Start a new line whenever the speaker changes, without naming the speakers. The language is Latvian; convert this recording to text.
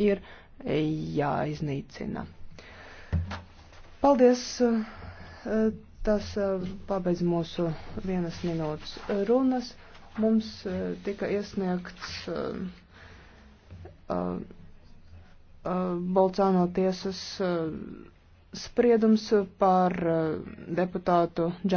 ir jāiznīcina.
Paldies! Tas eh, pabeidz mūsu vienas minūtes runas. Mums eh, tika iesniegts eh, Bolcāno tiesas spriedums par
deputātu Džanu.